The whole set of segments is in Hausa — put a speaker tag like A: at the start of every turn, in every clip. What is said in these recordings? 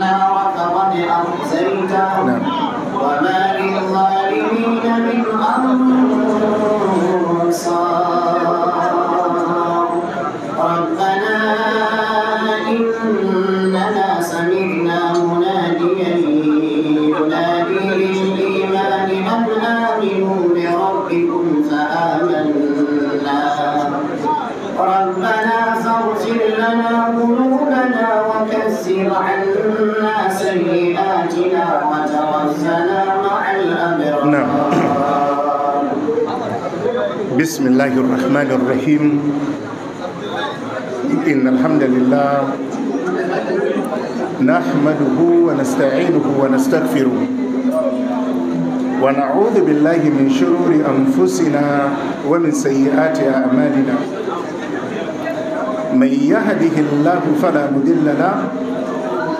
A: وقد أحسنته وما للظالمين من أنصار ربنا إننا سمعنا مناديا ينادي للإيمان أن آمنوا بربكم فآمنا ربنا فاغفر لنا ذنوبنا وكسر عنا سيئاتنا وتوفنا مع الأبرار نعم
B: بسم الله الرحمن الرحيم إن الحمد لله نحمده ونستعينه ونستغفره ونعوذ بالله من شرور أنفسنا ومن سيئات أعمالنا من يهده الله فلا مضل له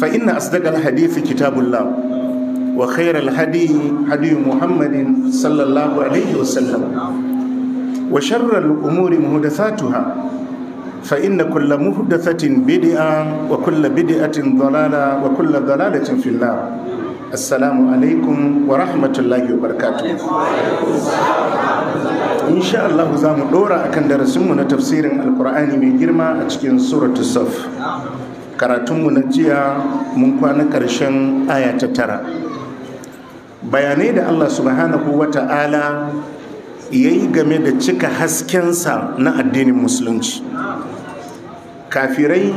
B: فإن أصدق الحديث كتاب الله وخير الهدي هدي محمد صلى الله عليه وسلم وشر الأمور مهدثاتها فإن كل مهدثة بدعة وكل بدعة ضلالة وكل ضلالة في النار السلام عليكم ورحمة الله وبركاته إن شاء الله زام دورا أكن درسمنا تفسير القرآن من جرما أتكين سورة الصف karatunmu na jiya mun kwana karshen aya ta tara bayanai da allah subhanahu wa ta'ala ya yi game da cika haskensa na addinin musulunci kafirai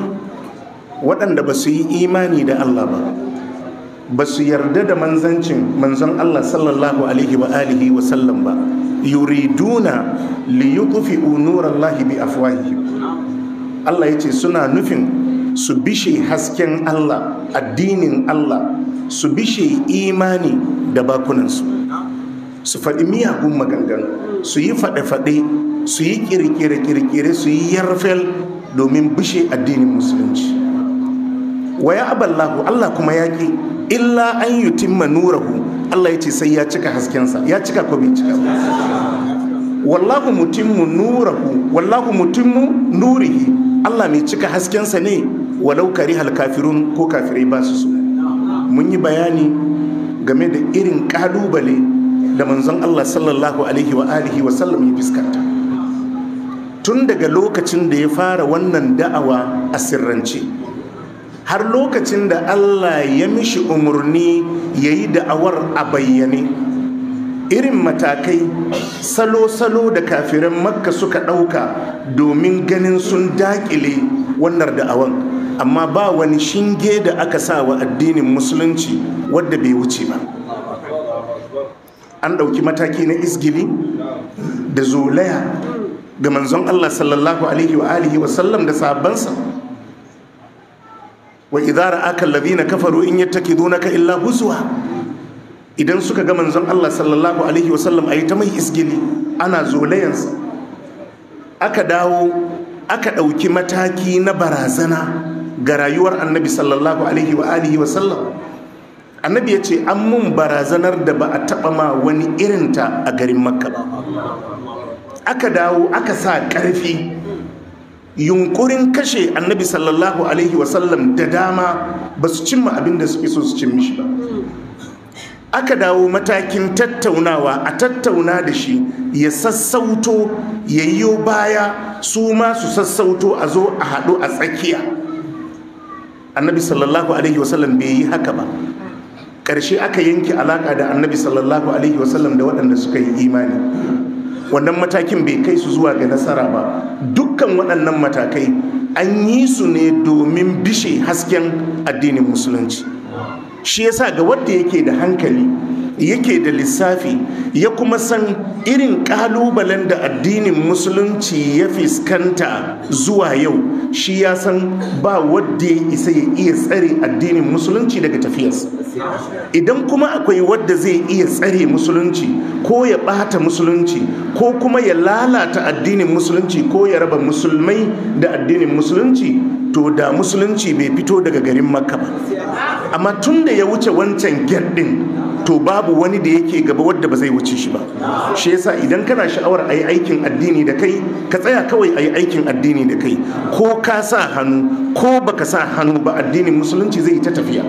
B: waɗanda ba su yi imani da allah ba ba su yarda da manzancin manzon allah sallallahu alaihi wa alihi wa sallam ba yuriduna liyutufi'u nurallahi bi afwahi Allah ya ce suna nufin su bishe hasken Allah addinin Allah su bishe imani da bakunansu su faɗi miyagun maganganu su yi faɗe-faɗe su yi kirkire-kirkire su yi yarfel domin bishe addinin musulunci wa ya aballahu Allah kuma ya ƙi illa an yi timma nurahu Allah ya ce sai ya cika haskensa ya cika ko bai cika wallahu mutimmu nurahu wallahu mutimmu nurihi Allah mai cika haskensa ne walau kari halkafirun ko kafirai ba su so mun yi bayani game da irin kalubale da manzon Allah sallallahu alaihi wa alihi wa sallam ya fiskanta tun daga lokacin da ya fara wannan da'awa a sirrance har lokacin da Allah ya mishi umarni ya yi da'awar a bayyane irin matakai salo-salo da kafiran makka suka ɗauka domin ganin sun daƙile wannan da'awan amma ba wani shinge da aka sa wa addinin musulunci wadda bai wuce ba an ɗauki mataki na isgili da zolaya ga manzon Allah sallallahu alaihi wa alihi wa sallam da sahabbansa wa idara aka ladina kafaru in yattakidunaka illa huzwa idan suka ga manzon Allah sallallahu alaihi wa sallam ayi ta mai isgili ana zolayansa aka dawo aka ɗauki mataki na barazana ga rayuwar annabi sallallahu alaihi wa alihi wa sallam annabi ya ce an mun barazanar da ba a taɓa ma wani irinta a garin makka ba aka dawo aka sa ƙarfi yunkurin kashe annabi sallallahu alaihi wa sallam, da dama ba su cimma abin da suke so su cin mishi ba aka dawo matakin tattaunawa a tattauna da shi ya sassauto yayyo baya su ma su sassauto a zo a haɗu a tsakiya annabi sallallahu alaihi wasallam bai yi haka ba ƙarshe aka yanke alaƙa da annabi sallallahu alaihi wasallam da waɗanda suka yi imani wannan matakin bai kai su zuwa ga nasara ba dukkan waɗannan matakai an yi su ne domin bishe hasken addinin musulunci shi yasa ga wanda yake da hankali yake da lissafi ya kuma san irin kalubalen da addinin musulunci ya fuskanta zuwa yau shi ya san ba wadda ya isa ya iya tsare addinin musulunci daga tafiyarsa idan kuma akwai wadda zai iya tsare musulunci ko ya bata musulunci ko kuma ya lalata addinin musulunci ko ya raba musulmai da addinin musulunci to da musulunci bai fito daga garin makka ba amma tun da ya wuce wancan get to babu wani da yake gaba wadda ba zai wuce shi ba shi yasa idan kana sha'awar a yi aikin addini da kai ka tsaya kawai a yi aikin addini da kai ko ka sa hannu ko baka sa hannu ba addinin musulunci zai ta tafiya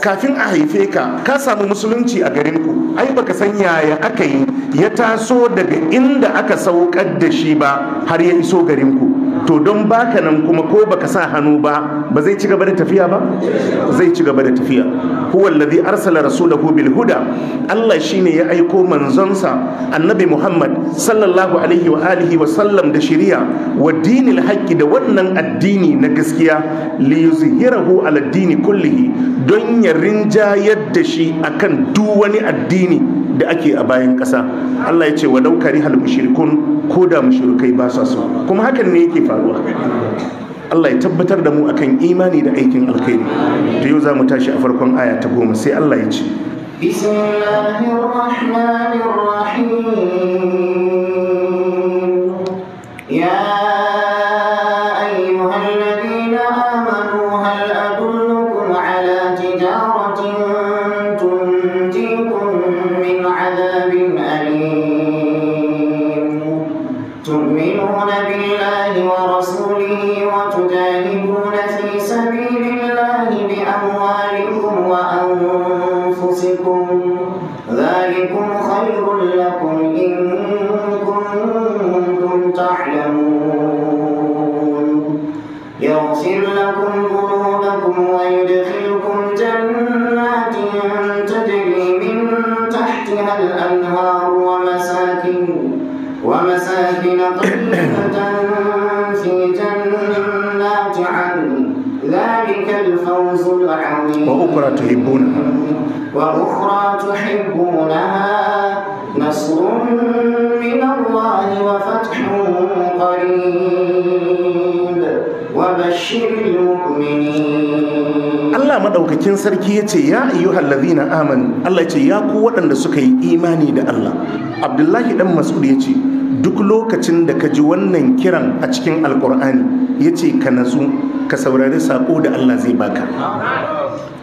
B: kafin a haife ka ka samu musulunci a garin ku ai baka san yaya aka yi ya taso daga inda aka saukar da shi ba har ya iso garin ku to don baka nan kuma ko baka sa hannu ba ba zai ci gaba da tafiya ba zai ci gaba da tafiya huwa allazi arsala rasulahu bil huda Allah shine ya aiko manzonsa annabi Muhammad sallallahu alaihi wa alihi wa sallam da shari'a wa dinil haqqi da wannan addini na gaskiya li yuzhirahu ala dini kullihi don ya rinjayar da shi akan duk wani addini da ake a bayan ƙasa Allah ya ce wa daukari hal mushrikun ko da mushrikai ba sa so kuma hakan ne yake faruwa Allah ya tabbatar da mu akan imani da aikin alkhairi to yau za mu tashi a farkon aya ta goma sai Allah ya ce
A: bismillahir أنفسكم ذلكم خير لكم إن كنتم تعلمون يغفر لكم ذنوبكم ويدخلكم جنات تجري من تحتها الأنهار ومساكن ومساكن طيبة في جنات عدن ذلك الفوز العظيم وأخرى تحبون وأخرى تحبونها نصر من الله وفتح قريب وبشر المؤمنين Allah
B: madaukakin sarki ya ce ya ayyuhal ladhina amanu Allah ya ce ya ku waɗanda suka yi imani da Allah Abdullahi dan Mas'ud ya ce duk lokacin da ka ji wannan kiran a cikin alkur'ani ya ce ka natsu ka saurari saƙo da Allah zai baka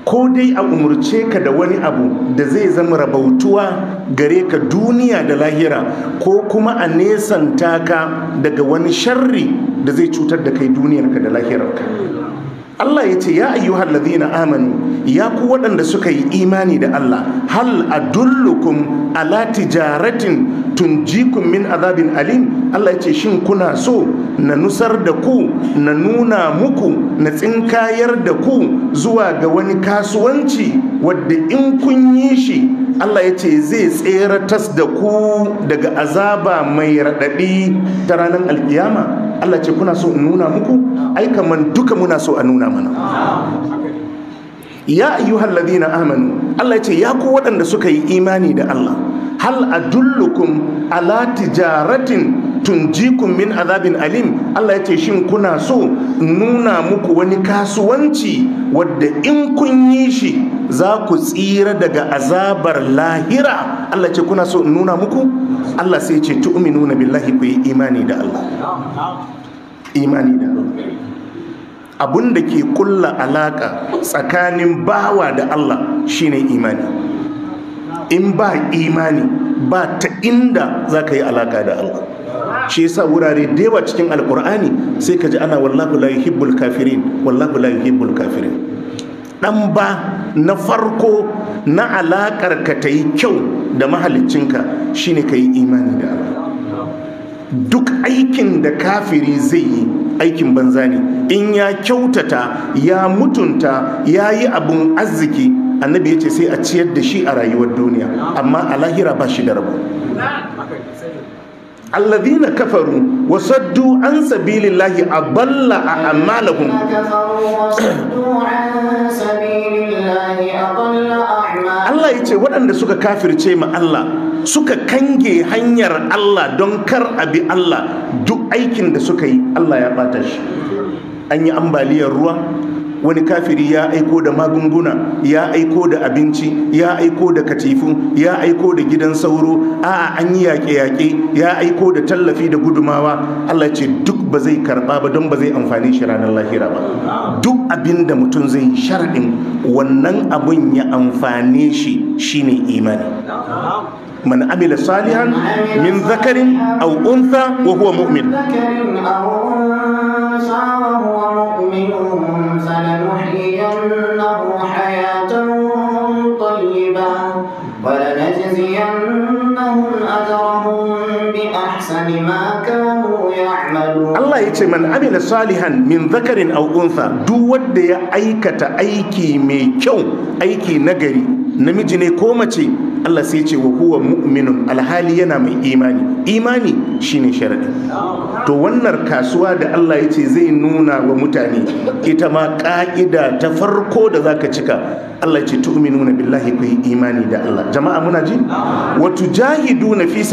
B: ko dai a umarce ka da wani abu da zai zama rabautuwa gare ka duniya da lahira ko kuma a nesanta ka daga wani sharri da zai cutar da kai duniyarka da lahirarka Allah ya ce ya ayyuhal ladhina Amani ya ku waɗanda suka yi imani da Allah hal adullukum ala tijaratin tunjikum min azabin alim Allah ya ce shin kuna so na nusar da ku na nuna muku na tsinkayar da ku zuwa ga wani kasuwanci wadda in kun yi shi Allah ya ce zai tas da ku daga azaba mai raɗaɗi ta ranar alkiyama Allah ce kuna so nuna muku ai duka muna so a nuna mana ya ayyuhal ladina amanu Allah ya ce ya ku waɗanda suka yi imani da Allah hal adullukum ala tijaratin tunjikun min azabin alim Allah ya ce shin kuna so nuna muku wani kasuwanci wadda in kun yi shi za ku tsira daga azabar lahira Allah ce kuna so nuna muku Allah sai ce nuna billahi ku yi imani da Allah imani da Allah abun da ke kulla alaka tsakanin bawa da Allah shine imani in ba imani ba ta inda za ka yi alaka da Allah shi yasa wurare da yawa cikin alkur'ani sai ka ji ana wallahu la yuhibbul kafirin wallahu la yuhibbul kafirin dan ba na farko na alakar ka ta yi kyau da mahalicinka shine ka yi imani da Allah duk aikin da kafiri zai yi aikin banza ne in ya kyautata ya mutunta ya yi abun arziki annabi ya ce sai a ciyar da shi a rayuwar duniya amma a lahira ba shi da rabu alladhina kafaru wa saddu an sabilillahi adalla a'malahum Allah ya ce waɗanda suka kafirce ma Allah suka kange hanyar Allah don kar a bi Allah duk aikin da suka yi Allah ya ɓata shi an yi ambaliyar ruwa wani kafiri ya aiko da magunguna ya aiko da abinci ya aiko da katifu ya aiko da gidan sauro a an yi yaƙe-yaƙe ya aiko da tallafi da gudumawa Allah ce duk ba zai karɓa ba don ba zai amfani shi ranar lahira ba duk abin da mutum zai sharɗin wannan abun ya amfane shi shine imani من عمل صالحا من ذكر او انثى وهو مؤمن
A: او انثى وهو مؤمن فلنحيينه حياة طيبة ولنجزينهم أجرهم بأحسن ahsani ma kanu
B: Allah yace man Amina salihan min zakarin aw duk wanda ya aikata aiki mai kyau aiki nagari namiji ne ko mace Allah sai ce wa huwa mu'minun alhali yana mai imani imani shine sharadi to wannan kasuwa da Allah yace zai nuna wa mutane ita ma ka'ida ta farko da zaka cika Allah ce tu'minuna billahi ku yi imani da Allah jama'a muna ji wa tujahiduna fi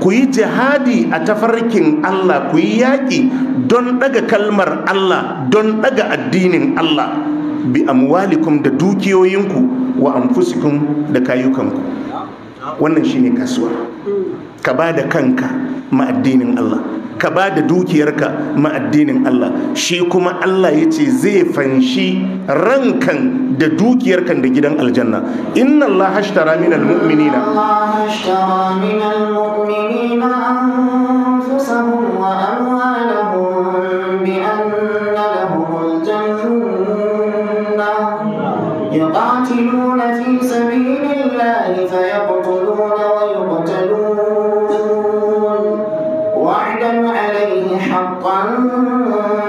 B: ku yi jihadi a tafarkin Allah ku yi yaƙi don ɗaga kalmar Allah don ɗaga addinin Allah bi amwalikum da dukiyoyinku wa anfusikum da kayukanku wannan shine kasuwa ka ba da kanka ma addinin Allah ka ba da dukiyarka ma addinin Allah shi kuma Allah yace zai fanshi rankan da dukiyarkan da gidan aljanna inna Allah hashtara minal mu'minina
A: Allah hashtara min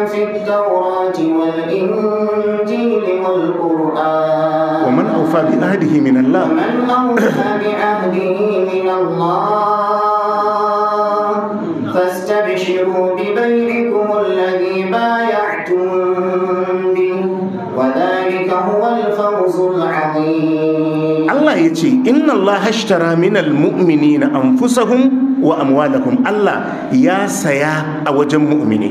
A: في التوراة والإنجيل والقرآن ومن
B: أوفى بعهده من الله
A: ومن أوفى بعهده من الله فاستبشروا ببيعكم الذي بايعتم به وذلك هو الفوز العظيم الله يتي
B: إن الله اشترى من المؤمنين أنفسهم wa amwalakum Allah ya saya a wajen mu'mini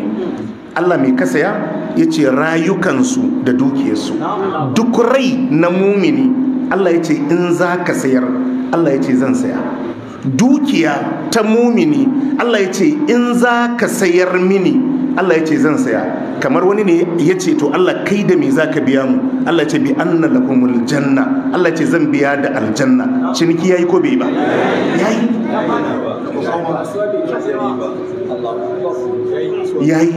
B: Allah mai ka saya ya ce rayukansu da dukiyarsu duk rai na mumini Allah ya in za ka sayar Allah ya zan saya dukiya ta mumini Allah yace in za ka sayar mini Allah ya zan saya kamar wani ne ya ce to Allah kai da me za ka biya mu Allah ya ce bi anna lakumul janna Allah ya ce zan biya da aljanna ciniki yayi ko bai ba
C: yayi yayi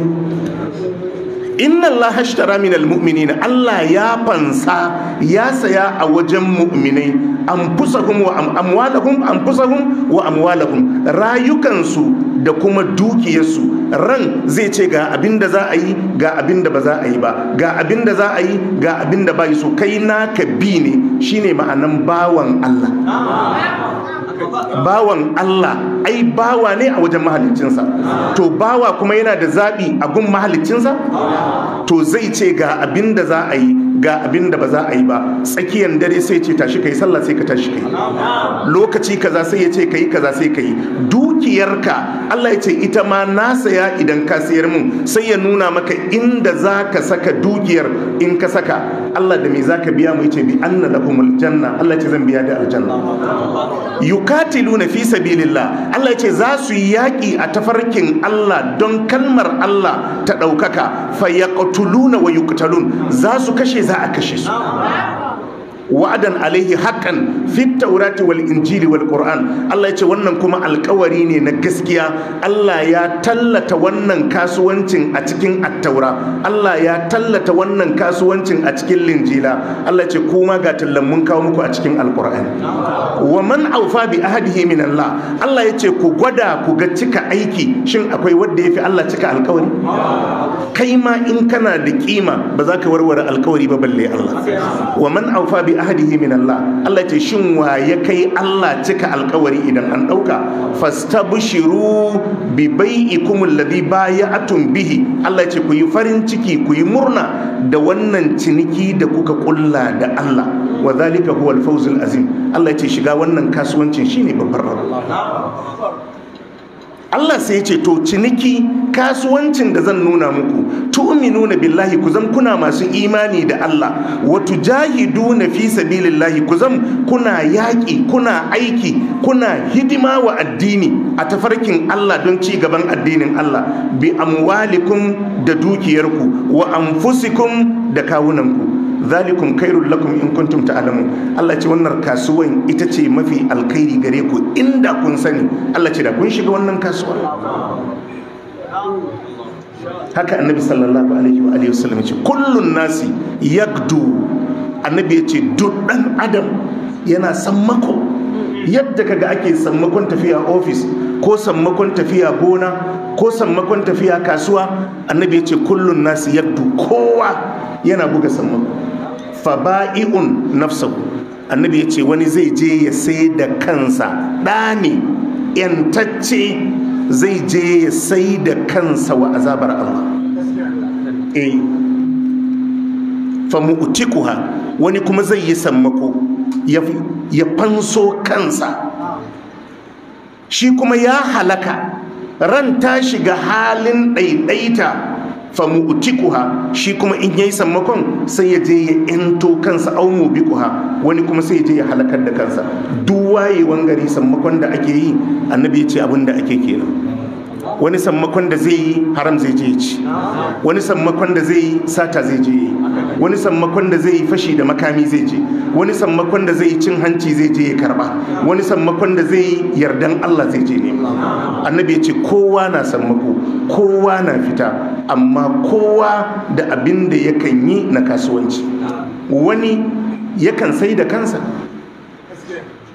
B: inna allaha ashtara min allah ya fansa ya saya a wajen mu'minai anfusahum wa amwalahum anfusahum wa amwalahum rayukansu da kuma dukiyarsu ran zai ce ga abin da za a yi ga abin da ba za a yi ba ga abin da za a yi ga abin da ba yi so kai ka bi ne shine ma'anan bawan
C: allah
B: bawan Allah ai bawa ne a wajen mahalicinsa to bawa kuma yana da zaɓi a gun mahalicinsa to zai ce ga abin da za a yi ga abin da ba za a yi ba tsakiyar dare sai ce tashi kai sallah sai ka tashi kai lokaci kaza sai ya ce kai kaza sai kai dukiyarka Allah ya ce ita ma na saya idan ka sayar mun sai ya nuna maka inda za ka saka dukiyar in ka saka Allah da me zaka biya mu yace bi anna lahumul janna Allah ce zan biya da aljanna yukatiluna fi sabilillah Allah ce za su yi yaki a tafarkin Allah don kalmar Allah ta daukaka fayaqtuluna wa yuqtalun za su kashe za a kashe su wa'adan alaihi hakan fit taurati wal injili wal qur'an Allah ya ce wannan kuma alkawari ne na gaskiya Allah ya tallata wannan kasuwancin a cikin attaura Allah ya tallata wannan kasuwancin a cikin linjila Allah ya ce kuma ga tallan mun kawo muku a cikin alqur'an wa man awfa bi ahadihi min Allah Allah ya ce ku gwada ku ga cika aiki shin akwai wanda yafi Allah cika alkawari kai ma in kana da kima ba za ka warware alkawari ba balle Allah wa man awfa bi bi ahdihi min Allah Allah ce shin wa ya kai Allah cika alkawari idan an dauka fastabshiru bi bai'ikum alladhi bay'atum bihi Allah ce ku yi farin ciki ku yi murna da wannan ciniki da kuka kulla da Allah wa zalika huwa al azim Allah ce shiga wannan kasuwancin shine babbar rabo Allah sai ce to ciniki kasuwancin da zan nuna muku nuna billahi ku zan kuna masu imani da Allah wa na fi sabilillahi ku zan kuna yaƙi kuna aiki kuna hidima wa addini a tafarkin Allah don ci gaban addinin Allah bi amwalikum da dukiyarku wa anfusikum da kawunanku zalikum khairul lakum in kuntum ta'lamun Allah ce wannan kasuwan ita ce mafi alkhairi gare ku inda kun sani Allah ce da kun shiga wannan kasuwan. haka annabi sallallahu alaihi wa alihi wasallam ce kullun nasi yagdu annabi ya ce duk adam yana sammako yadda kaga ake sammakon tafiya ofis ko sammakon tafiya gona ko sammakon tafiya kasuwa annabi ya ce kullun nasi yagdu kowa yana buga sammako faba'i'un nafsahu annabi ya ce wani zai je ya sai da kansa ɗa yantacce zai je ya sai da kansa wa azabar Allah eh fa mu'tikuha wani kuma zai yi sammako ya fanso kansa shi kuma ya halaka ran ta shiga halin ɗaiɗaita famu ha, shi kuma in yayi sammakon sai ya je ya 'yanto kansa au ha, wani kuma sai ya je ya halakar da kansa duk waye gari sammakon da ake yi annabi ya ce abin da ake kenan wani sammakon da zai yi haram zai je ci wani sammakon da zai yi sata zai je yi wani sammakon da zai yi fashi da makami zai je wani sammakon da zai yi cin hanci zai je ya karba wani sammakon da zai yi yardan Allah zai je nema annabi ya ce kowa na sammako kowa na fita amma kowa da abin da yakan yi na kasuwanci wani yakan sai da kansa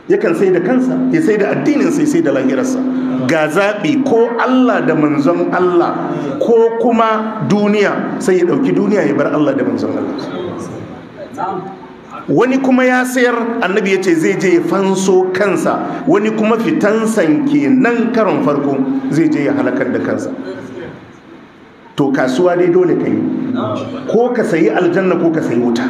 B: yakan sai da kansa ya sai da addinin sai sai da lahirarsa ga zaɓi ko Allah da manzon Allah ko kuma duniya sai ya ɗauki duniya ya bar Allah da manzon Allah wani kuma ya sayar annabi ya ce zai je ya fanso kansa wani kuma fitansan nan karon farko zai je ya halakar da kansa to kasuwa dai dole ka yi ko ka sayi aljanna ko ka sayi wuta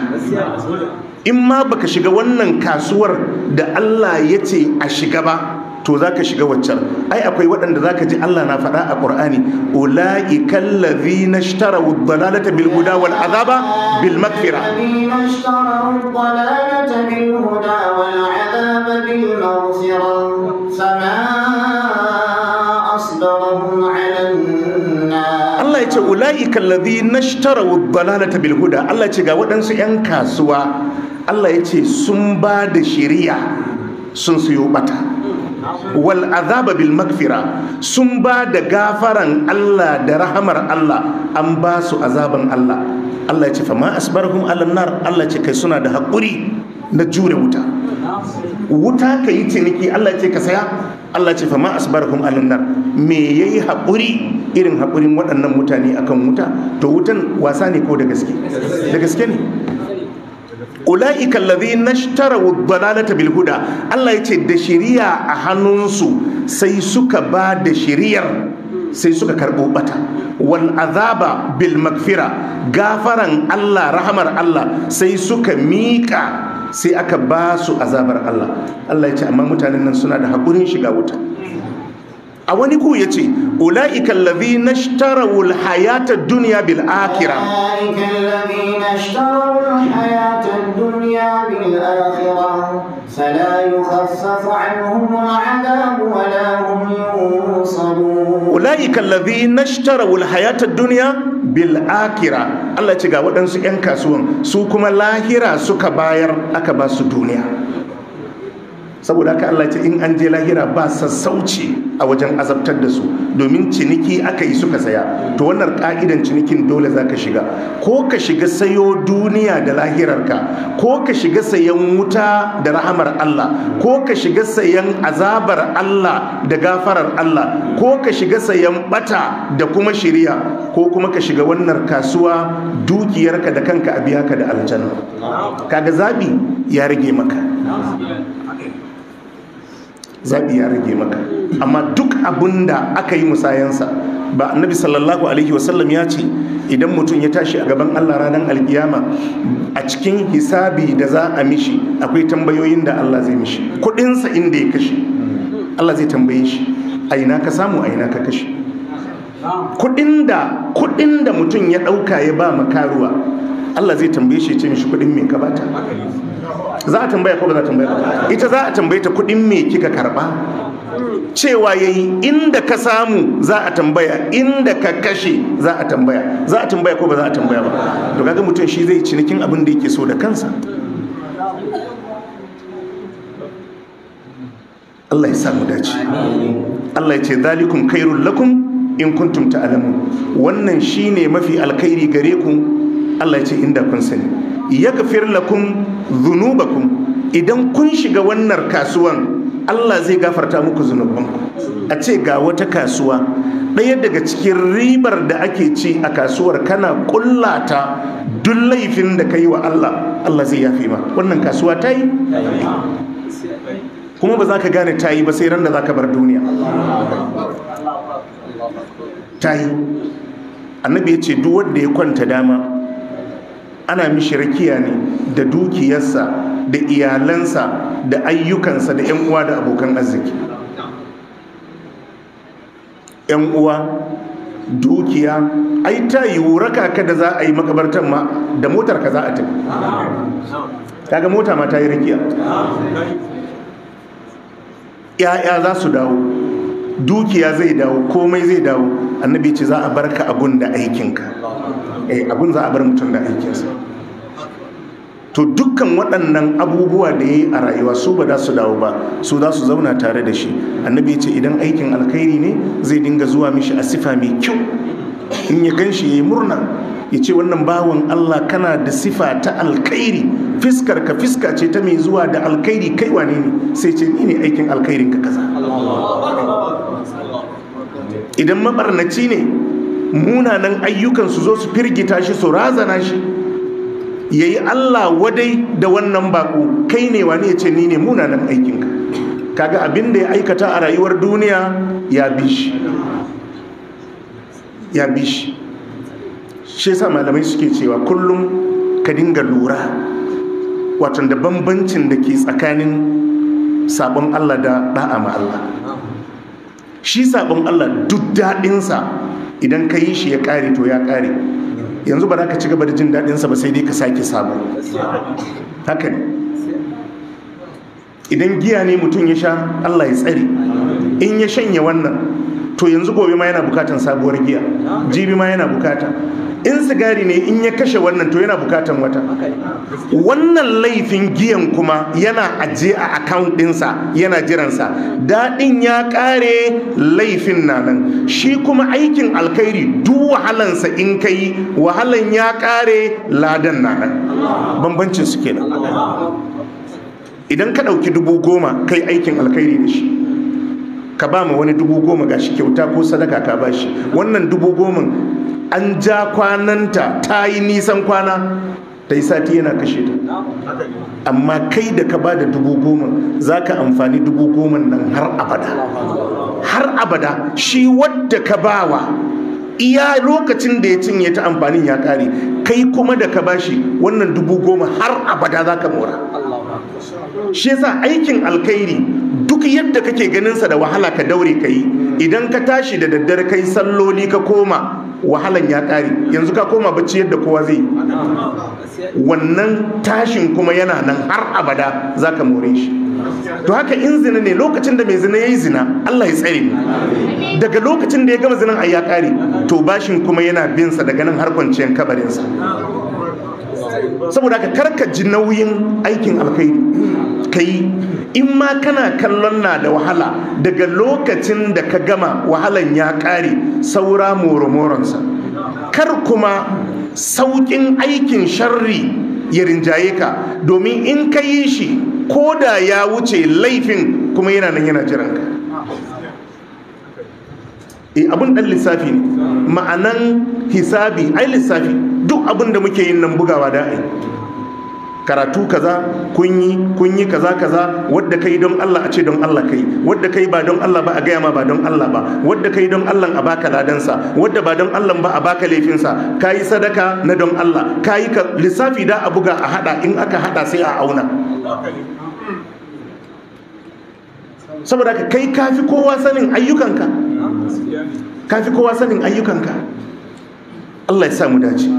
B: in ma baka shiga wannan kasuwar da Allah ya ce a shiga ba to zaka shiga waccar ai akwai waɗanda zaka ji Allah na faɗa a Qur'ani ula'i kallazi na ad dalalata bil huda wal azaba bil makfira Allah ya ce ula'i kallazi na shtara dalalata bil guda Allah ya ce ga waɗansu 'yan kasuwa Allah ya sun ba da shiriya sun suyo bata wal azaba bil magfira sun ba da gafaran Allah da rahamar Allah an ba su azaban Allah Allah ya ce fa ma asbarhum ala nar Allah ya ce kai suna da hakuri na jure wuta wuta ka yi ciniki Allah ya ce ka saya Allah ya ce fa ma asbarhum ala nar me yayi hakuri irin hakurin waɗannan mutane akan wuta to wutan wasa ne ko da gaske da gaske ne ulaika allazi ishtaraw dalalata bil huda Allah yace da shiriya a hannunsu sai suka ba da shiriyar sai suka karɓo bata wal azaba bil magfira gafaran Allah rahamar Allah sai suka mika sai aka ba su azabar Allah Allah ya amma mutanen nan suna da hakurin shiga wuta a wani ku ya ce ula'ika lafi na shtarawul hayatar duniya bil akira
A: الدنيا بالآخرة فلا يخفف عنهم العذاب ولا هم ينصرون
B: أولئك الذين اشتروا الحياة الدنيا بالآخرة الله يتقى ودنسوا ينكسون سوكما لاهرة سوكا باير أكباس الدنيا saboda haka Allah ce in an je lahira ba sassauci a wajen azabtar da su domin ciniki aka yi suka saya to wannan ka'idan cinikin dole za ka shiga ko ka shiga sayo duniya da lahirarka ko ka shiga sayan wuta da rahamar Allah ko ka shiga sayan azabar Allah da gafarar Allah ko ka shiga sayan bata da kuma shiriya ko kuma ka shiga wannan kasuwa dukiyarka da kanka a biya ka da aljanna kaga zabi ya rage maka zaɓi ya rage maka amma duk abin da aka yi musayansa ba annabi sallallahu alaihi wasallam ya ce idan mutum ya tashi a gaban allah ranar alkiyama a cikin hisabi da za a mishi akwai tambayoyin da allah zai mishi kudinsa inda ya kashe allah zai tambaye shi a ina ka samu a ina ka kashe kudin da mutum ya ɗauka ya ba makaruwa Allah zai tambaye shi ce mishi kuɗin me ka bata za a tambaya ko ba za a tambaya ba ita za a tambaye ta kuɗin me kika karɓa cewa yayi inda ka samu za a tambaya inda ka kashe za a tambaya za a tambaya ko ba za a tambaya ba to kaga mutum shi zai cinikin abin da yake so da kansa Allah ya samu dace Allah ya ce zalikum khairul lakum in kuntum ta'lamun wannan shine mafi alkhairi gare ku Allah ya ce inda kun sani yaghfir lakum dhunubakum idan kun shiga wannan kasuwan Allah zai gafarta muku zunubanku a ce ga wata kasuwa ɗaya daga cikin ribar da ake ci a kasuwar kana kullata duk laifin da ka yi wa Allah Allah zai yafe ma wannan kasuwa ta yi kuma ba za ka gane ta yi ba sai ran da za ka bar duniya ta yi annabi ya ce duk wanda ya kwanta dama ana mishi rakiya ne da dukiyarsa da iyalansa da ayyukansa da 'yan uwa da abokan arziki 'yan uwa dukiya ai ta yiwu raka ka da za a yi makabartan ma da motar ka za a tafi kaga mota ma ta yi rikiya ya'ya za su dawo dukiya zai dawo komai zai dawo annabi ce za a barka abun da aikinka abin eh, abun za a bar mutum da aikinsa to dukkan waɗannan abubuwa da ya yi a rayuwa su ba za su dawo ba su za su zauna tare da shi annabi ce idan aikin alkhairi ne zai dinga zuwa mishi a sifa mai kyau in ya gan shi ya yi murna ya ce wannan bawan allah kana da sifa ta alkhairi fiskar ka fiska ce ta mai zuwa da alkhairi kai wane ne sai ce ni ne aikin alkhairin ka kaza idan mabarnaci ne munanan ayyukan su zo su firgita shi su razana shi yayi Allah wadai da wannan baku kai ne wani ya ce ni ne munanan aikinka kaga abin da ya aikata a rayuwar duniya ya bi shi ya bi shi shi sa malamai suke cewa kullum ka dinga lura wato da banbancin da ke tsakanin sabon Allah da da'a ma Allah shi sabon Allah duk daɗinsa idan ka yi shi ya ƙare to ya ƙare yanzu ba za ka ci gaba da jin daɗinsa ba sai dai ka sake sabo haka ne idan giya ne mutum ya sha allah ya tsare in ya shanya wannan to yanzu gobe ma yana bukatan sabuwar giya jibi ma yana bukata in sigari ne in ya kashe wannan to yana bukatan wata wannan laifin giyan kuma yana aje a account dinsa yana jiransa daɗin ya ƙare laifin na nan shi kuma aikin alkhairi duk wahalansa in ka yi wahalan ya ƙare ladan na nan bambancin su kenan idan ka ɗauki dubu goma kai aikin alkhairi da shi ka ba ma wani dubu goma ga shi kyauta ko sadaka ka ba shi wannan dubu goma an ja kwananta ta yi nisan kwana ta yi sati yana kashe ta amma kai da ka ba da dubu goma za ka amfani dubu goma nan har abada har abada shi wadda ka bawa iya lokacin da ya cinye ta amfanin ya kare kai kuma da ka bashi wannan dubu goma har abada za ka mora shi yasa aikin alkhairi duk yadda kake ganinsa da wahala ka daure ka yi idan ka tashi da daddare kai salloli ka koma wahalan ya ƙare yanzu ka koma bacci yadda kowa zai wannan tashin kuma yana nan har abada za ka more shi to haka in zina ne lokacin da mai zina ya yi zina Allah ya tsare daga lokacin da ya gama zinan a ya ƙare to bashin kuma yana bin sa daga nan har kwanciyar kabarinsa saboda haka karka ji nauyin aikin alkai ka yi in ma kana kallon na da wahala daga lokacin da ka gama wahalan ya ƙare saura moromoronsa kar kuma sauƙin aikin sharri ya rinjaye ka domin in ka yi shi ko da ya wuce laifin kuma yana nan yana jiranka e eh, abin ɗan lissafi ne ma'anan hisabi ai lissafi duk abin da muke yin nan bugawa da'ai karatu kaza kun yi kun yi kaza kaza wadda kai don Allah a ce don Allah kai wadda kai ba don Allah ba a gaya ma ba don Allah ba wadda kai don Allah a baka ladansa wadda ba don Allah ba a baka laifinsa kai sadaka na don Allah kai ka lissafi da a buga a hada in aka hada sai a auna saboda ka kai kafi kowa sanin ayyukanka kafi kowa sanin ayyukanka Allah ya sa mu dace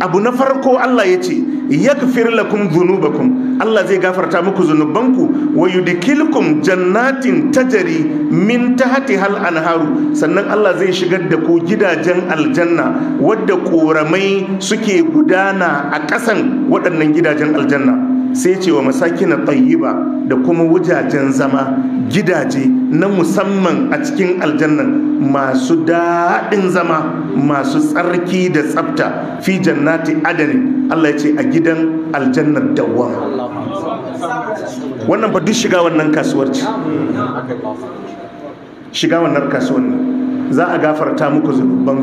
B: abu na farko Allah ya ce yaghfir lakum dhunubakum Allah zai gafarta muku zunubanku wa yudkhilukum jannatin tajri min tahtiha al-anharu sannan Allah zai shigar da ku gidajen aljanna wadda koramai suke gudana a ƙasan waɗannan gidajen aljanna sai ce wa masakina tsayiba da kuma wujajen zama gidaje na musamman a cikin aljannan masu daɗin zama masu tsarki da tsafta fi jannati adani Allah ya ce a gidan aljannar dawwam wannan ba duk shiga wannan kasuwar ce shiga wannan kasuwar za a gafarta muku zubban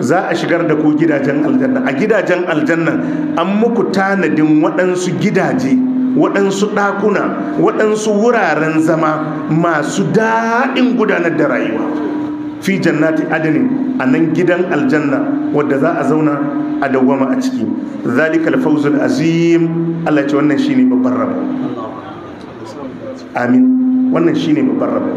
B: za a shigar da ku gidajen aljanna a gidajen aljanna an muku tanadin waɗansu gidaje waɗansu ɗakuna waɗansu wuraren zama masu daɗin gudanar da rayuwa fi jannati adinin a nan gidan aljanna wadda za a zauna a dawwama a ciki zalika fawzul azim Allah ce wannan shine babban rabo amin wannan shine babban rabo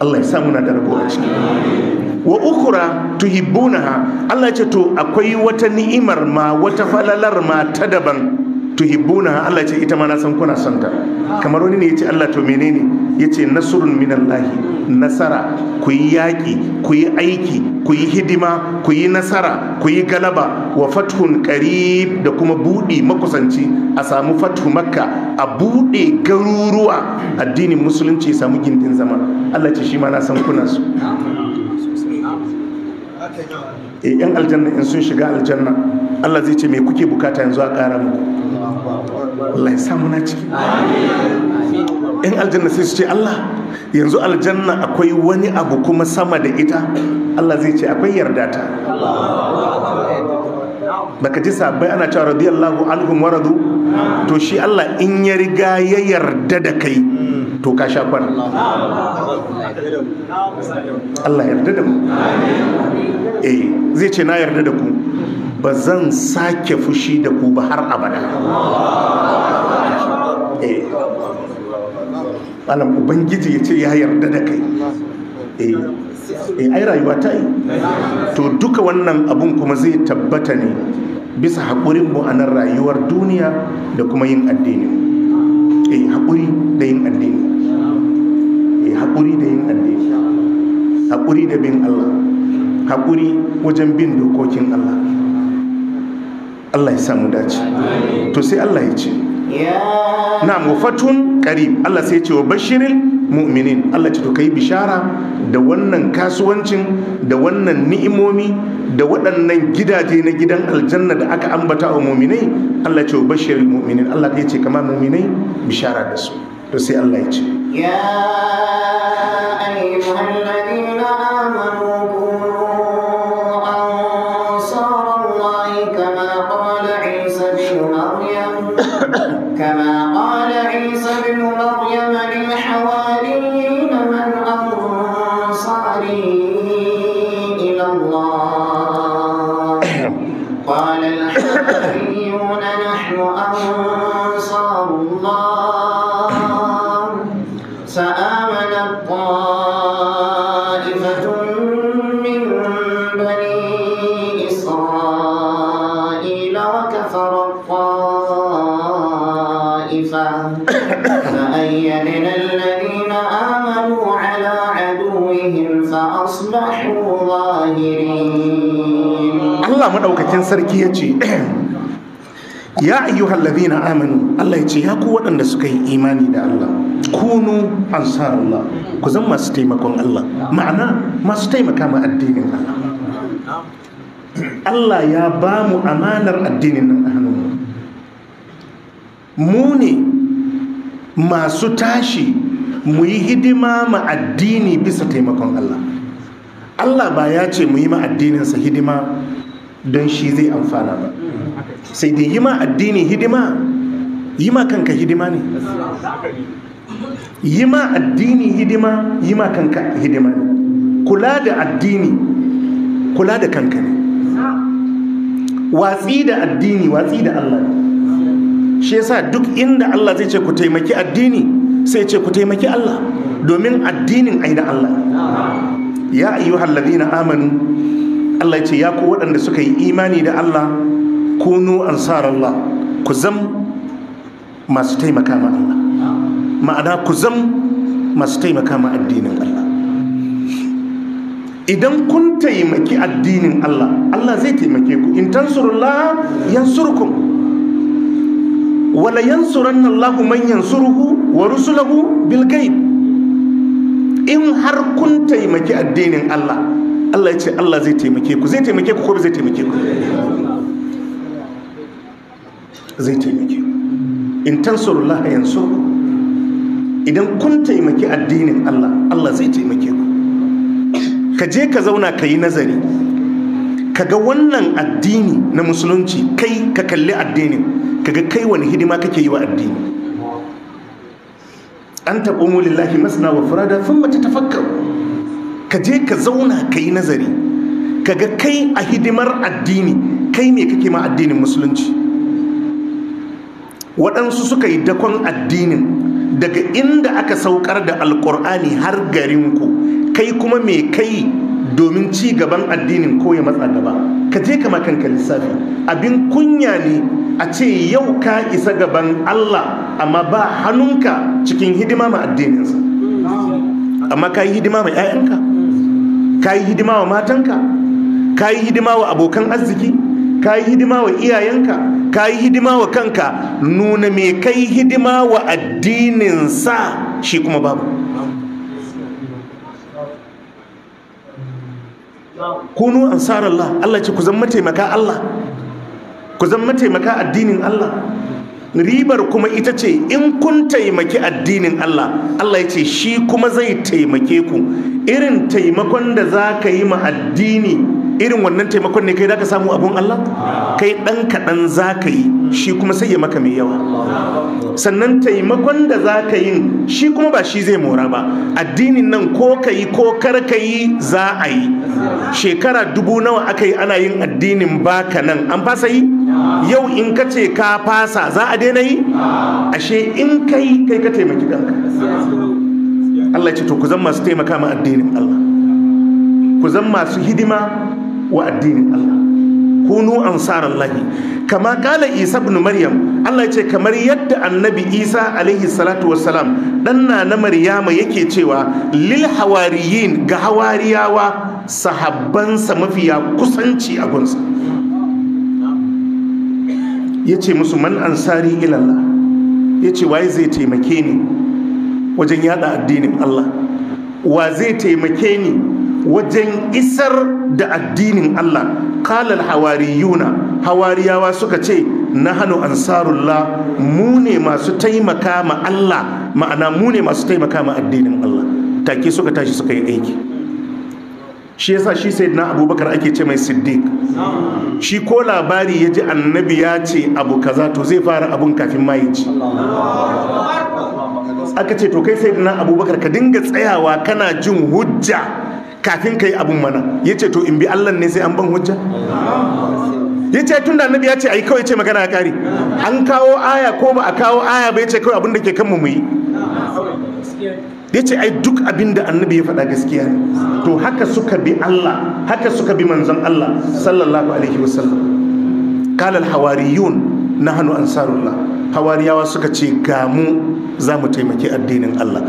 B: Allah ya samu na da rabo a ciki wa ukura tuhibbunaha Allah ce to akwai wata ni'imar ma wata falalar ma ta daban tuhibbunaha Allah ce ita ma na san kuna santa. kamar wani ne yace Allah to menene yace nasrun minallahi nasara ku yi yaki ku yi aiki ku yi hidima ku yi nasara ku yi galaba wa fathun qarib da kuma budi makusanci a samu fathu makka a buɗe garuruwa addinin musulunci samu gindin zama Allah ce shi ma na san kuna so Eh, yan aljanna in sun shiga aljanna Allah zai ce me kuke bukata yanzu a ƙara muku Allah samu na ciki yan aljanna sai su ce Allah yanzu aljanna akwai wani abu kuma sama da ita Allah zai ce akwai yarda ta baka ji sabai ana cewa radiyallahu anhum wa to shi Allah in ya riga ya yarda da kai to ka sha kwana Allah yarda da mu eh zai ce na yarda da ku ba zan sake fushi da ku ba har abada eh alam ubangiji ya ce ya yarda da kai eh. eh ai rayuwa ta yi to duka wannan abun kuma zai tabbata ne bisa haƙurin mu a nan rayuwar duniya da kuma yin addini eh haƙuri da yin addini eh haƙuri da yin addini haƙuri da bin Allah haƙuri wajen bin dokokin Allah Allah ya samu dace to sai Allah ya ce na mufatun ƙarib Allah sai ce wa bashirin mu'minin Allah ce to kai bishara da wannan kasuwancin da wannan ni'imomi da waɗannan gidaje na gidan aljanna da aka ambata wa mu'minai Allah ce wa bashirin mu'minin Allah ya ce kama mu'minai bishara da su to sai Allah ya ce
A: ya ayyuhan Allah madaukakin sarki ya ce ya ayyuhal
B: ladina amanu Allah ya ce ya ku waɗanda suka yi imani da Allah kunu ansarullah ku zan masu taimakon Allah ma'ana masu taimaka ma addinin Allah Allah ya ba mu amanar addinin nan a hannu, mu ne masu tashi mu yi hidima ma addini bisa taimakon Allah Allah ba ya ce mu yi ma addininsa hidima don shi zai amfana ba sai dai yi ma addini hidima yi ma kanka hidima ne yi ma addini hidima yi ma kanka hidima ne kula da addini kula da kanka ne watsi da addini watsi da Allah shi yasa duk inda Allah zai ce ku taimaki addini sai ce ku taimaki Allah domin addinin aina Allah ya ayyuhal ladina amanu Allah ya ce ya ku waɗanda suka yi imani da Allah kunu Allah ku zam masu taimaka ma Allah ma'ana ku zam masu taimaka ma addinin Allah idan kun taimaki addinin Allah Allah zai taimake ku in tansurullah yansurkum wala yansuranna Allahu man yansuruhu wa rusulahu bil in har kun taimaki addinin Allah Allah ya ce Allah zai taimake ku zai taimake ku ko zai taimake ku zai taimake ku in tansurullah yanzu, idan kun taimaki addinin Allah Allah zai taimake ku ka je ka zauna ka yi nazari kaga wannan addini na musulunci kai ka kalli addinin kaga kai wani hidima kake yi wa addini an taɓo mulillahi lillahi masna wa furada sun mace tafakkaru ka je ka zauna ka yi nazari ga kai a hidimar addini kai ne kake ma addinin musulunci waɗansu suka yi dakon addinin daga inda aka saukar da alkur'ani har garinku kai kuma mai kai domin ci gaban addinin ko ya matsa gaba ka je kama kanka lissafi abin kunya ne a ce yau ka isa gaban allah amma ba hannunka cikin hidima ma addininsa amma ka yi hidima ma 'ya'yanka ka yi hidima wa matanka ka yi hidima wa abokan arziki ka yi hidima wa iyayenka ka yi hidima wa kanka nuna me yi hidima wa addininsa shi kuma babu kunu ansarallah Allah ce ku zan mataimaka Allah ku zan mataimaka addinin Allah ribar kuma ita ce in kun taimaki addinin Allah Allah ya ce shi kuma zai taimake ku irin taimakon da za ka yi ma addini irin wannan taimakon ne kai zaka samu abun Allah kai dan kaɗan zaka yi shi kuma sai ya maka mai yawa sannan taimakon da zaka yi shi kuma ba shi zai mora ba addinin nan ko ka yi ko kar ka yi za a yi shekara dubu nawa aka yi ana yin addinin baka nan an fasa yi yau in ka ce ka fasa za a daina yi ashe in kai kai ka taimaki kanka Allah ya ce to ku zan masu taimaka ma addinin Allah ku zan masu hidima wa addinin Allah kunu ansarallahi kama kala Isa ibn Maryam Allah ce kamar yadda annabi Isa alaihi salatu wassalam danna na Maryama yake cewa lil hawariyin ga hawariyawa sahabbansa mafiya kusanci a gunsa yace musu man ansari ila Allah yace waye zai taimake ni wajen yada addinin Allah wa zai taimake ni wajen isar da addinin Allah kalal hawariyuna hawariyawa suka ce na hannu ansarullah mu ne masu taimaka ma Allah ma'ana mu ne masu taimaka ma addinin Allah take suka tashi suka yi aiki shi yasa shi sai na abubakar ake ce mai siddiq shi ko labari ya ji annabi ya ce abu kaza to zai fara abun kafin ma aka ce to kai sai na abubakar ka dinga tsayawa kana jin hujja kafin ka yi abun mana ya ce to in bi Allah ne sai an ban hujja ya ce tun da annabi ya ce a yi kawai ce magana a kari, an kawo aya ko ba a kawo aya ba ya ce kawai abin da ke kan mu yi ya ce ai duk abin da annabi ya faɗa gaskiya ne to haka suka bi Allah haka suka bi manzon Allah sallallahu alaihi wasallam qala al-hawariyun nahnu ansarullah hawariyawa suka ce ga mu za mu taimaki addinin Allah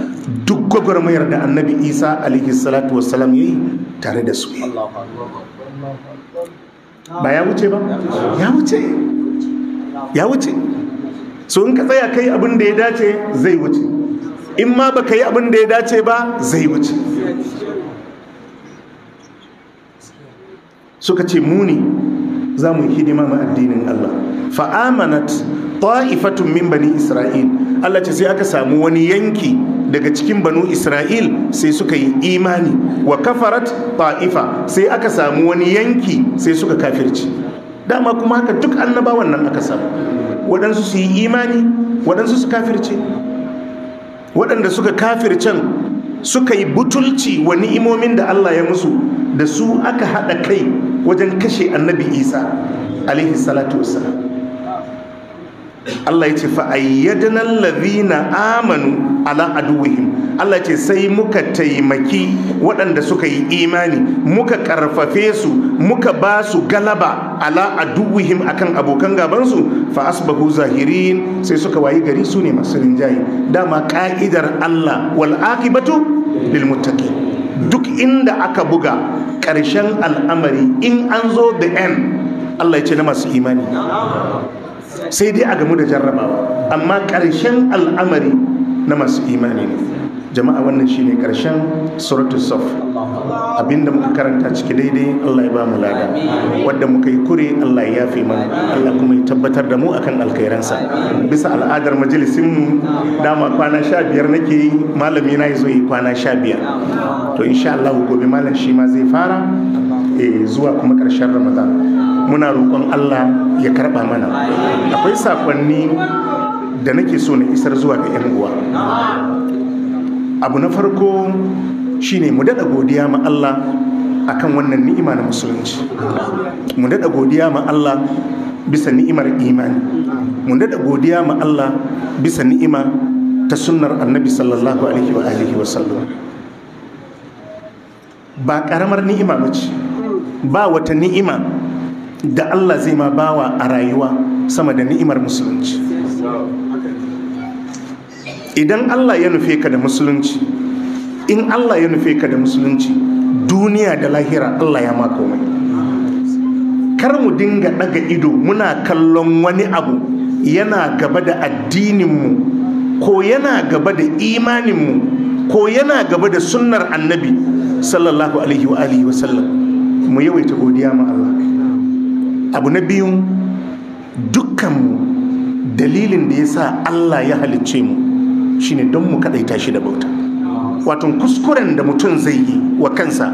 B: gwagwarmayar da annabi isa alaihi salatu wasalam ya yi tare da su ba ya wuce ba ya wuce ya wuce so in ka tsaya kai abin da ya dace zai wuce in ma ba ka yi abin da ya dace ba zai wuce suka ce muni za mu hidima ma addinin Allah fa'amanat ta'ifatun min bani isra'il Allah ce sai aka samu wani yanki daga cikin banu isra'il sai suka yi imani wa kafarat ta'ifa sai aka samu wani yanki sai suka kafirci dama kuma haka duk annabawan nan aka samu waɗansu su yi imani waɗansu su kafirce waɗanda suka kafircen suka yi butulci wa ni'imomin da Allah ya musu da su aka haɗa kai wajen kashe annabi isa alaihi salatu wassalam Allah ya ce fa ayyadna allazina amanu ala aduwihim Allah ya ce sai muka taimaki waɗanda suka yi imani muka ƙarfafe su muka ba su galaba ala aduwihim akan abokan gabansu fa asbahu zahirin sai suka wayi gari su ne masu rinjaye dama ka'idar Allah wal akibatu lil duk inda aka buga ƙarshen al'amari in an zo da yan Allah ya ce na masu imani sai dai a gamu da jarrabawa amma ƙarshen al'amari na masu imani ne jama'a wannan shine ƙarshen suratul saf abinda muka karanta ciki daidai Allah ya ba mu lada wanda muka yi kure Allah ya yafe mana Allah kuma ya tabbatar da mu akan alkhairansa bisa al'adar majalisin mu dama kwana sha nake yi malami na zo yi kwana sha biyar to insha Allah gobe malam shi ma zai fara eh, zuwa kuma karshen Ramadan muna roƙon Allah ya karɓa mana akwai saƙonni da nake so na isar zuwa ga 'yan uwa abu na farko shine mu daɗa godiya ma Allah akan wannan ni'ima na musulunci mu daɗa godiya ma Allah bisa ni'imar imani mu daɗa godiya ma Allah bisa ni'ima ta sunnar annabi sallallahu alaihi wa alihi wa sallam ba ƙaramar ni'ima ce ba wata ni'ima da Allah zai ma bawa a rayuwa sama da ni'imar musulunci idan Allah ya nufe ka da musulunci in Allah ya nufe ka da musulunci duniya da lahira Allah ya ma komai kar mu dinga daga ido muna kallon wani abu yana gaba da addininmu ko yana gaba da imaninmu ko yana gaba da sunnar annabi sallallahu alaihi wa alihi wa sallam mu yawaita godiya ma Allah abu na biyun dukkanmu dalilin da ya sa Allah ya halicce mu shine don mu kaɗaita shi da bauta watan kuskuren da mutum zai yi wa kansa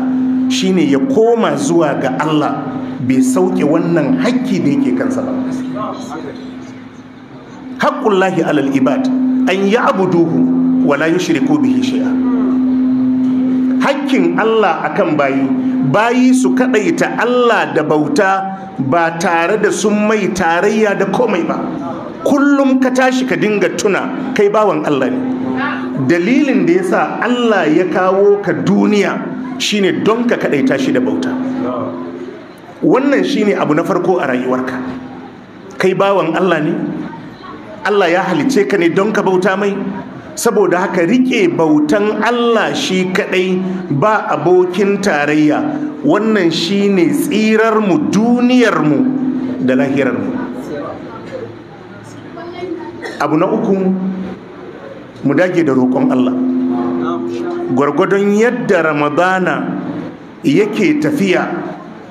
B: shine ya koma zuwa ga Allah bai sauke wannan haƙƙi da yake kansa ba haƙƙullahi alal ibad an yi abu abuduhu wala ko bihi shay'a Haƙƙin Allah akan bayi bayi su kaɗaita Allah da bauta ba tare da sun mai tarayya da komai ba kullum ka tashi ka dinga tuna kai bawan Allah ne dalilin da ya sa Allah ya kawo ka duniya shine don ka kadaita shi da bauta wannan shine abu na farko a rayuwarka kai bawan Allah ne Allah ya halice ka ne don ka bauta mai saboda haka rike bautan Allah shi kadai ba abokin tarayya wannan shine tsirar mu duniyar mu da lahirar mu abu na uku mu dage da roƙon Allah gwargwadon yadda ramadana yake tafiya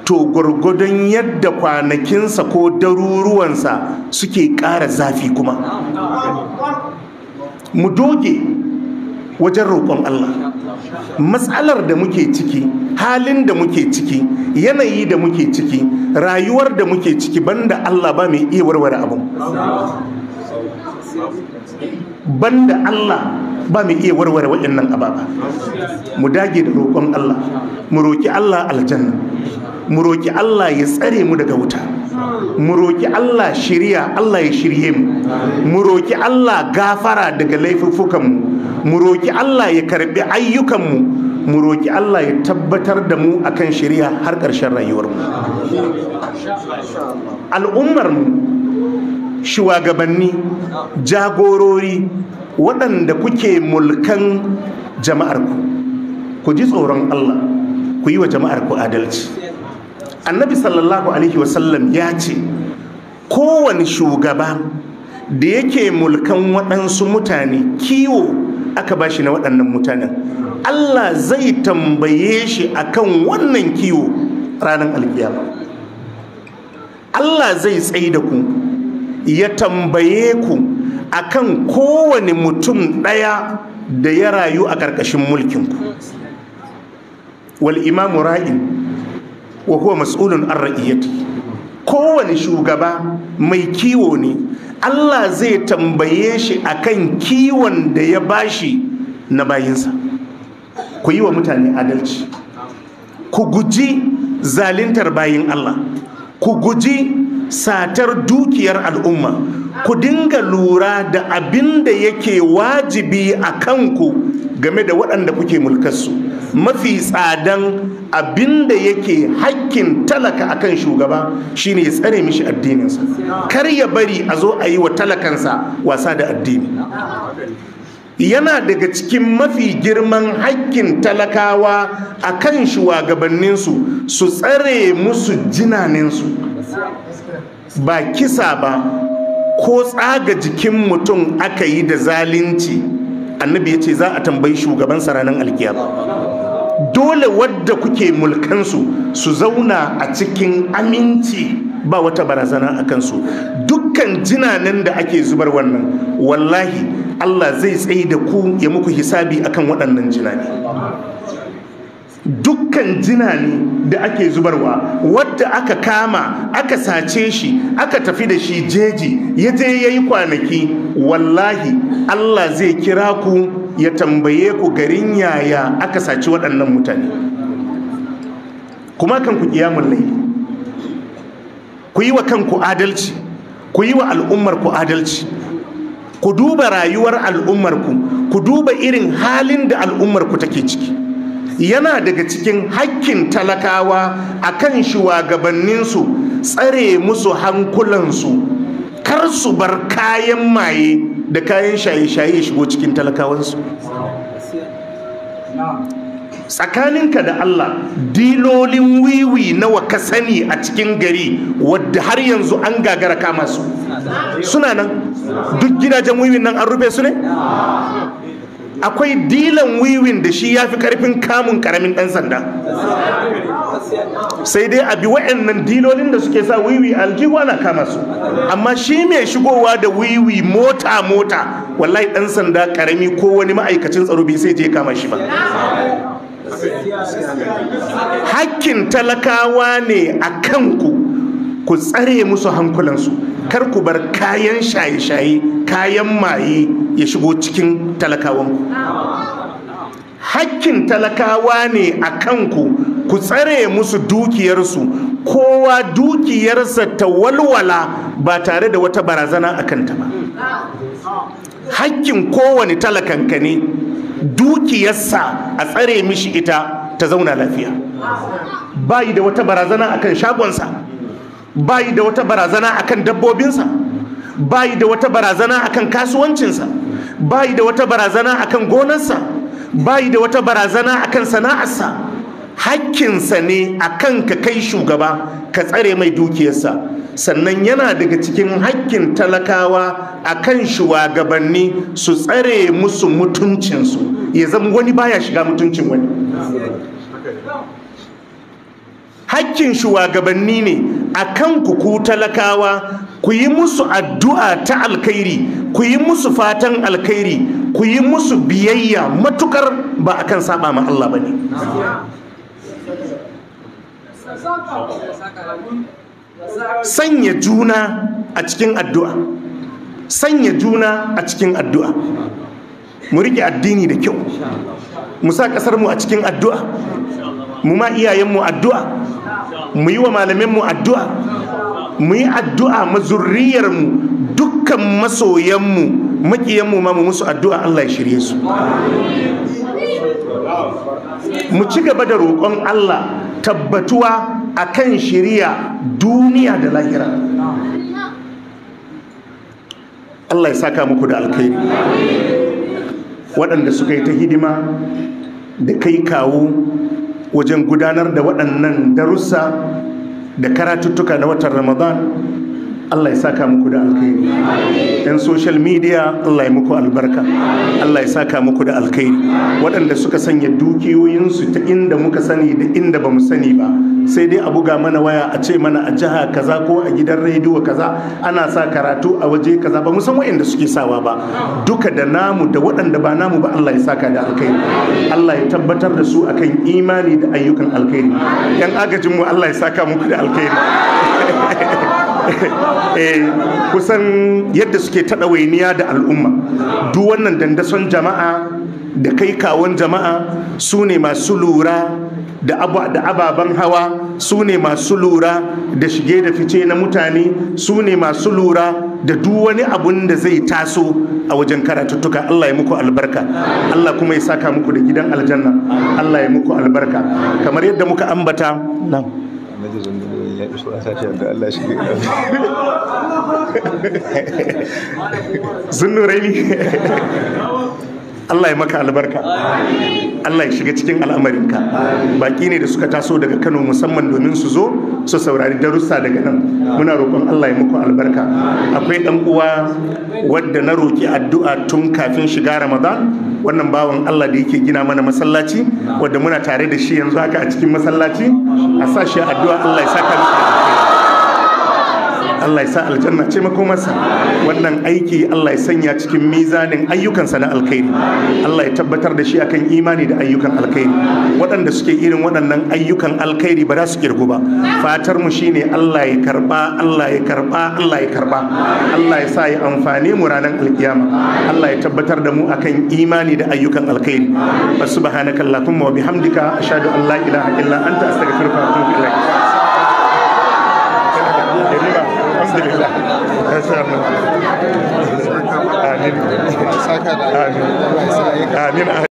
B: to gwargwadon yadda kwanakinsa ko daruruwansa suke ƙara zafi kuma mu doge wajen roƙon Allah matsalar da muke ciki halin da muke ciki yanayi da muke ciki rayuwar da muke ciki banda Allah ba mai iya warware abin banda Allah ba mai iya warware waɗannan ababa mu dage da roƙon Allah mu roƙi Allah aljanna mu roƙi Allah ya tsare mu daga wuta mu roƙi Allah shirya Allah ya shirye mu mu roƙi Allah gafara daga laifuffukan mu mu roki Allah ya karbi ayyukan mu mu roki Allah ya tabbatar da mu akan shiriya har ƙarshen rayuwar mu al'ummar mu shugabanni jagorori waɗanda kuke mulkan jama'arku ku ji tsoron Allah ku yi wa jama'arku adalci annabi sallallahu alaihi wasallam ya ce kowane shugaba da yake mulkan waɗansu mutane kiwo aka ba shi na waɗannan mutanen Allah zai tambaye shi akan wannan kiwo ranar alkiyama Allah zai tsaye da ku ya tambaye ku akan kowane mutum ɗaya da ya rayu a ƙarƙashin mulkinku wal imamu ra'in wa huwa mas'ulun an ra'iyati kowane shugaba mai kiwo ne Allah zai tambaye shi akan kiwon da ya bashi na bayinsa ku yi wa mutane adalci ku guji zalintar bayin Allah ku guji satar dukiyar al'umma ku dinga lura da abin da yake wajibi a kanku game da waɗanda kuke mulkarsu mafi tsadan abinda yake hakkin talaka akan shugaba shine ya tsare mishi addininsa kar ya bari a zo a yi wa talakansa wasa da addini yana daga cikin mafi girman hakkin talakawa a kan shugabanninsu su tsare musu jinaninsu ba kisa ba ko tsaga jikin mutum aka yi da zalunci annabi ya ce za a tambayi shugaban saranin alkiyar dole wadda kuke mulkansu su zauna a cikin aminci ba wata barazana a kansu dukkan jinanen da ake zubar wannan wallahi Allah zai tsaye da ku ya muku hisabi akan waɗannan jinani dukkan jinani da ake zubarwa wadda aka kama aka sace shi aka tafi da shi jeji ya je ya yi kwanaki wallahi Allah zai kira ku ya tambaye ku garin yaya aka saci waɗannan mutane kuma kan ku kiyamun laili ku yi wa kanku adalci ku yi wa al'ummarku adalci ku duba rayuwar al'ummarku ku duba irin halin da al'ummarku take ciki yana daga cikin hakkin talakawa a kan shugabanninsu tsare musu hankulansu kar su bar kayan maye da kayan shaye-shaye ya shigo cikin talakawansu tsakaninka da Allah dilolin wiwi nawa ka sani a cikin gari wadda har yanzu an gagara kama su suna nan duk gidajen wiwi nan an rufe su ne akwai dilan wiwin da shi ya fi karfin kamun karamin ɗan sanda sai dai a bi wa'annan dilolin da suke sa wiwi aljihu ana kama su amma shi mai shigowa da wiwi mota mota wallahi ɗan sanda karami ko wani ma'aikacin tsaro bai sai je kama shi ba hakkin talakawa ne a kanku ku tsare musu hankulansu kar ku bar kayan shaye-shaye kayan maye ya shigo cikin talakawanku hakkin talakawa ne a kanku ku tsare musu dukiyarsu kowa dukiyarsa ta walwala ba tare da wata barazana a kanta ba hakkin kowane talakanka ne dukiyarsa a tsare mishi ita ta zauna lafiya bayi da wata barazana akan shagonsa bayi da wata barazana akan dabbobinsa bayi da wata barazana akan kasuwancinsa bayi da wata barazana akan gonarsa bayi da wata barazana akan sana'arsa hakkinsa ne akan ka kai shugaba ka tsare mai dukiyarsa sannan yana daga cikin hakkin talakawa a kan shugabanni su tsare musu mutuncinsu ya zama wani baya shiga mutuncin wani hakkin shugabanni ne a kan ku talakawa ku yi musu addu'a ta alkhairi ku yi musu fatan alkhairi ku yi musu biyayya matukar ba a kan saba ma Allah ba ne sanya juna a cikin addu'a sanya juna a cikin addu'a mu riƙe addini da kyau mu sa ƙasarmu a cikin addu'a mu ma iyayenmu addu'a mu yi wa malaminmu addu'a mu yi addu'a ma dukkan masoyanmu makiyanmu ma mu musu addu'a Allah ya shirye su mu ci gaba da roƙon Allah tabbatuwa a kan shirya duniya da lahira Allah ya saka muku da alkhairi waɗanda suka yi ta hidima da kai kawo wajen gudanar da waɗannan darussa da karatuttuka na watan ramadan Allah ya saka muku da alkhairi yan social media Allah ya muku albarka Allah ya saka muku da alkhairi waɗanda suka sanya dukiyoyinsu ta inda muka sani da inda ba mu sani ba sai dai a buga mana waya a ce mana a jiha kaza ko a gidan rediyo kaza ana sa karatu a waje kaza ba mu san waɗanda suke sawa ba duka da namu da waɗanda ba namu ba Allah ya saka da alkhairi Allah ya tabbatar da su akan imani da ayyukan alkhairi yan agajin mu Allah ya saka muku da alkhairi Eh, eh, kusan yadda suke taɗa wainiya da al'umma duk wannan dandason jama'a da kai kawon jama'a su ne masu lura da ababen hawa su ne masu lura da shige da fice na mutane su ne masu lura da duk wani abun da zai taso a wajen karatuttuka Allah ya muku albarka Allah kuma ya saka muku da gidan aljanna Allah ya muku albarka kamar yadda muka ambata nan zunubi ne ya sashi Allah shi Allah ya maka albarka Allah ya shiga cikin al'amarinka Baƙi ne da suka taso daga Kano musamman domin su zo su saurari darussa daga nan muna roƙon Allah ya muku albarka akwai ɗan uwa wadda na roƙi addu'a tun kafin shiga Ramadan wannan bawan Allah da yake gina mana masallaci wadda muna tare da shi yanzu haka a cikin masallaci a sa shi addu'a Allah ya saka mu Allah ya sa aljanna ce makomarsa wannan aiki Allah ya sanya cikin mizanin ayyukansa na alkhairi Allah ya tabbatar da shi akan imani da ayyukan alkhairi waɗanda suke irin waɗannan ayyukan alkhairi ba za su kirgu ba fatar mu shine Allah ya karba Allah ya karba Allah ya karba Allah ya sa ya amfane mu ranar alkiyama Allah ya tabbatar da mu akan imani da ayyukan alkhairi subhanakallahumma wa bihamdika ashhadu an la ilaha illa anta astaghfiruka wa atubu ilaik الحمد لله يا سلام
C: آمين آمين آمين